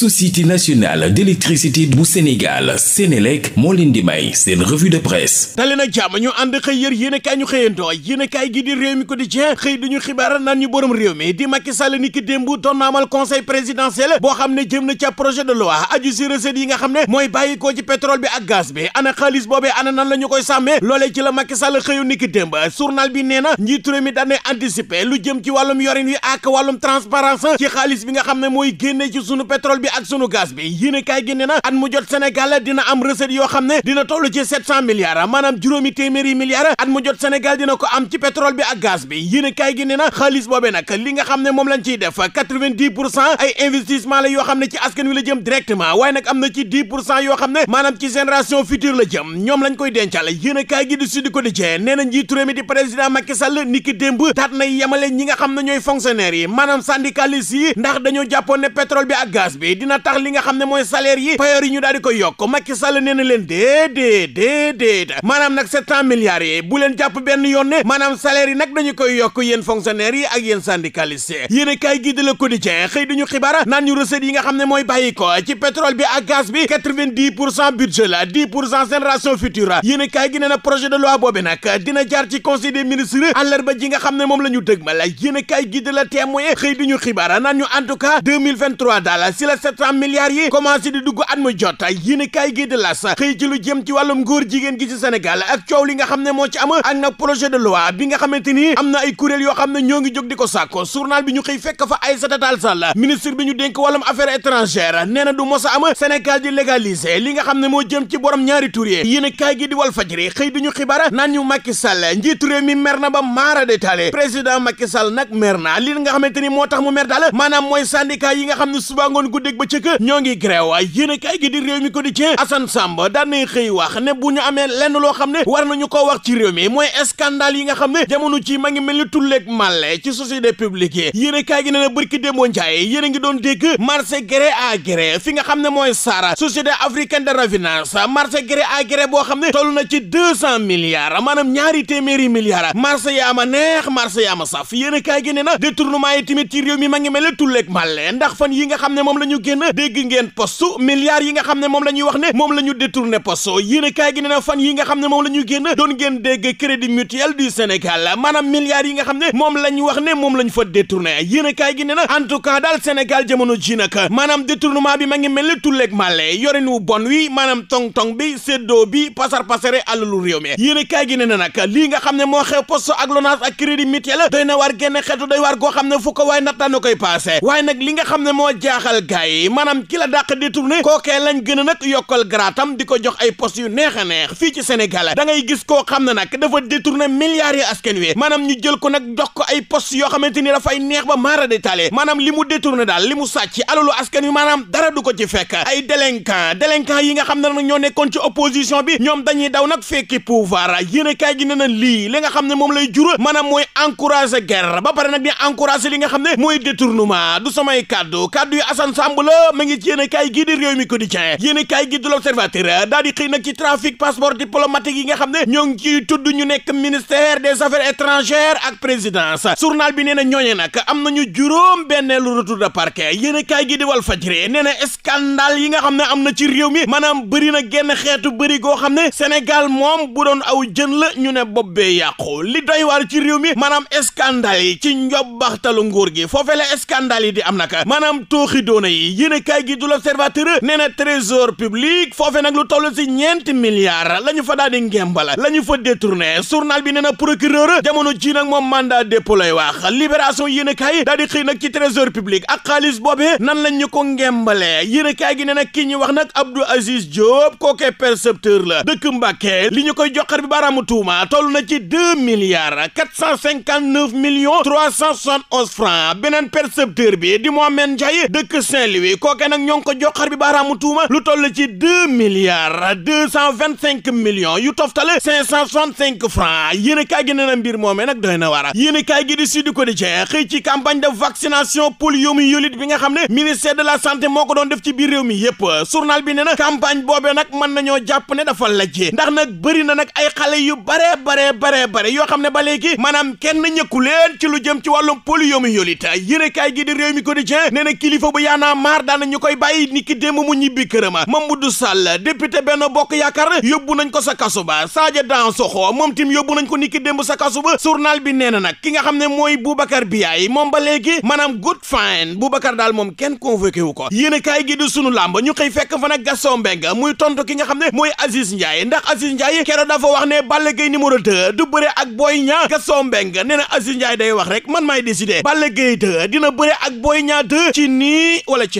société nationale d'électricité bu Sénégal Sénélec moo leen di may seen revue de presse dali jàmm ñu ànd xëy yër yéenekaay ñu xëyantoo yéenekaay gi di réew mi quotidien xëy duñu xibaara naan ñu boroom réew mi di Macky Sall ni démb doon na amal boo xam ne jëm na ca projet de loi aju si recettes yi nga xam ne mooy bàyyi ci pétrole bi ak gaz bi ana xaalis boobee ana nan la koy sàmmee loolee ci la Macky Sall xëyu ni démb ak sunu gaz bi yéene gi ne na at mu jot Sénégal dina am recette yoo xam ne dina toll ci sept cent milliards maanaam juróomi téeméeri milliards at mu jot Sénégal dina ko am ci pétrole bi ak gaz bi yéene gi ne na xaalis boobee nag li nga xam ne moom lañ ciy def quatre-vingt-dix pour cent ay investissement la yoo xam ne ci askan wi la jëm directement waaye nag am na ci dix pour cent yoo xam ne maanaam ci génération future la jëm ñoom lañ koy dencal yéene gi di suddi ko di jee nee na njiitu réew mi di président Macky Sall nga xam ne ñooy fonctionnaires yi maanaam syndicalistes yi ndax dañoo jàppoon ne pétrole bi ak bi dina tax li nga xam ne mooy salaire yi payoor yi ñu daal di koy yokk Macky Sall nee na leen déedéet déedéet maanaam nag sept cent yi bu leen jàpp benn yoon ne maanaam salaire yi nag dañu koy yokk yéen fonctionnaires yi ak yéen syndicalistes yéen a kaay gi de Le Quotidien xëy xibaar naan ñu recettes yi nga xam ne mooy bàyyi ko ci pétrole bi ak gaz bi quatre-vingt-dix pour cent budget la dix pour cent génération future yéen a kaay gi nee na ji nga xam ne moom la ñu dëgmal yéen a kaay gi de La Témoin xëy duñu xibaar naan ñu en tout 700 milliards yi commencé di dugg at mu jot yéen kaay gi di las xëy ci lu jëm ci wàllum góor jigéen gi ci Sénégal ak coow li nga xam ne moo ci am ak nag projet de loi bi nga xamante ni am na ay kuréel yoo xam ne ñoo ngi jóg di ko sàkko journal bi ñu xëy fekk fa Aïssata Tall Sall ministre bi ñu dénk wàllum affaires étrangères du mos a am Sénégal di légaliser li nga xam ne moo jëm ci borom ñaari tur yi yéen kaay gi di wal fajri xëy bi ñu xibaar naan ñu Macky sal njiitu réew mi mer na ba maara détaillé président Macky Sall nag mer na li nga xamante ni moo tax mu mer daal maanaam mooy syndicat yi nga xam ne suba bëccëg ñoo ngi grève yéen a kaay gi di réew mi quotidien Assane Samba daan nay xëy wax bu ñu amee loo xam ne war nañu ko wax ci réew mooy scandale yi nga xam ne jamono ci ma ngi mel ni tulleeg màlle ci société publique yi yéen a kaay gi nee na bërki démboo njaay yéen a ngi doon dégg marché gré à gré fi nga xam ne mooy SARA société africaine de raffinage marché gré à gré boo xam ne toll na ci deux cent milliards maanaam neex marché yaa saf yéen a kaay gi mi ma ngi mel ni ñu génn dégg ngeen postu milliards yi nga xam ne moom la ñuy wax ne moom la ñu détourné postu yéene kaay gi nee na fan yi nga xam ne moom la ñu génn doon ngeen dégg crédit mutuel du Sénégal maanaam milliards yi nga xam ne moom la ñu wax ne moom la ñu fa détourné yéene kaay gi nee na en tout cas daal Sénégal jamono ji nag maanaam détournement bi ma ngi mel ni tulleeg màlle yorin wu bon wi maanaam tong-tong bi séddoo bi pasar pasare àllalu réew mi yéene kaay gi nee na nag lii nga xam ne moo xew postu ak LONASE ak crédit mutuel doy na war génn xeetu doy war goo xam ne fu ko waaye nattaan na koy passé waaye nag li nga xam ne moo jaaxal gaay yi maanaam ki la dàq détourné kookee lañ gën a nag yokkal garaatam di ko jox ay poste yu neex a neex fii ci Sénégal da gis koo xam ne nag dafa détourné milliards yi askan wi maanaam ñu jël ko nag jox ko ay poste yoo xamante ni dafay neex ba maara détaillé maanaam li mu détourné daal li mu sàcc alalu askan wi maanaam dara du ko ci fekk ay délinquant délinquant yi nga xam ne nag ñoo nekkoon ci opposition bi ñoom dañuy daw nag fekki pouvoir yéene kaay gi ne na lii li nga xam ne moom ba pare nag li nga xam ne mooy détournement du samay kàddu kàddu démb la ma ngi ci yéen kaay gi di réew mi quotidien yéen kaay gi di l'observateur daal di xëy nag ci trafic passeport diplomatique yi nga xam ne ñoo ngi ciy tudd ñu nekk ministère des affaires étrangères ak présidence journal bi nee na ñooñe nag am nañu juróom benneelu retour de parquet yéen kaay gi di wal fajri nee na scandale yi nga xam ne am na ci réew mi maanaam bëri na genn xeetu bëri goo xam ne Sénégal moom bu doon aw jën la ñu ne bopp bee yàqu li doy waar ci réew mi maanaam scandale yi ci njobbaxtalu nguur gi foofee la scandale am nag maanaam tooxi doona yi yéenekaay gi du l'Observateur nee na trésor public foofe nag lu toll si ñeenti milliards la ñu fa daal di ngembal la ñu fa détourné journal bi nee na procureur jamono ji nag moom mandat dépôt lay wax libération yéenekaay daal di xëy nag ci trésor public ak xaalis boobee nan lañ ñu ko ngembalee yéenekaay gi nee na kii ñu wax nag Abdou Aziz Diop kookee percepteur la dëkk Mbàkke li ñu koy joxar bi baaraamu tuuma toll na ci deux milliards quatre cent cinquante neuf millions trois cent soixante onze francs beneen bi di Mohamed Ndiaye dëkk saint Yewwi kooke nag ñoo ko jox xar bi baaraamu tuuma lu toll ci deux milliards vingt cinq millions yu toftale cinq cent soixante cinq francs yéen a kaay gi nee na mbir moomee nag doy na war yéen a gi di Sud Quotidien xëy ci campagne de vaccination poliomyélite bi nga xam ne ministère de la santé moo ko doon def ci biir réew mi yépp journal bi nee na campagne boobee nag mën nañoo jàpp ne dafa lajjee ndax nag bëri na nag ay xale yu bare bare bare bare yoo xam ne ba léegi maanaam kenn ñëkku leen ci lu jëm ci wàllum poliomyélite yéen a kaay gi di réew mi Quotidien maar daana ñu koy bàyyi ni ki démb mu ñibbi kërëma Mamadou Sall député benn Bokk Yaakaar yóbbu nañ ko sa kasu ba Sadio Dansokho moom tim yóbbu nañ ko ni ki démb sa kasu ba journal bi nee na nag ki nga xam ne mooy Boubacar Biaye moom ba léegi maanaam good fine Boubacar daal moom kenn convoqué wu ko yéen kaay gi di sunu làmb ñu xëy fekk fa nag Gaston Mbengue muy tontu ki nga xam ne mooy Aziz Ndiaye ndax Aziz Ndiaye keroog dafa wax ne Balla Gaye numéro 2 du bëre ak Boy Niang Gaston Mbengue nee na Aziz Ndiaye day wax rek man maay décider Balla Gaye 2 dina bëre ak Boy Niang 2 ci nii wala ci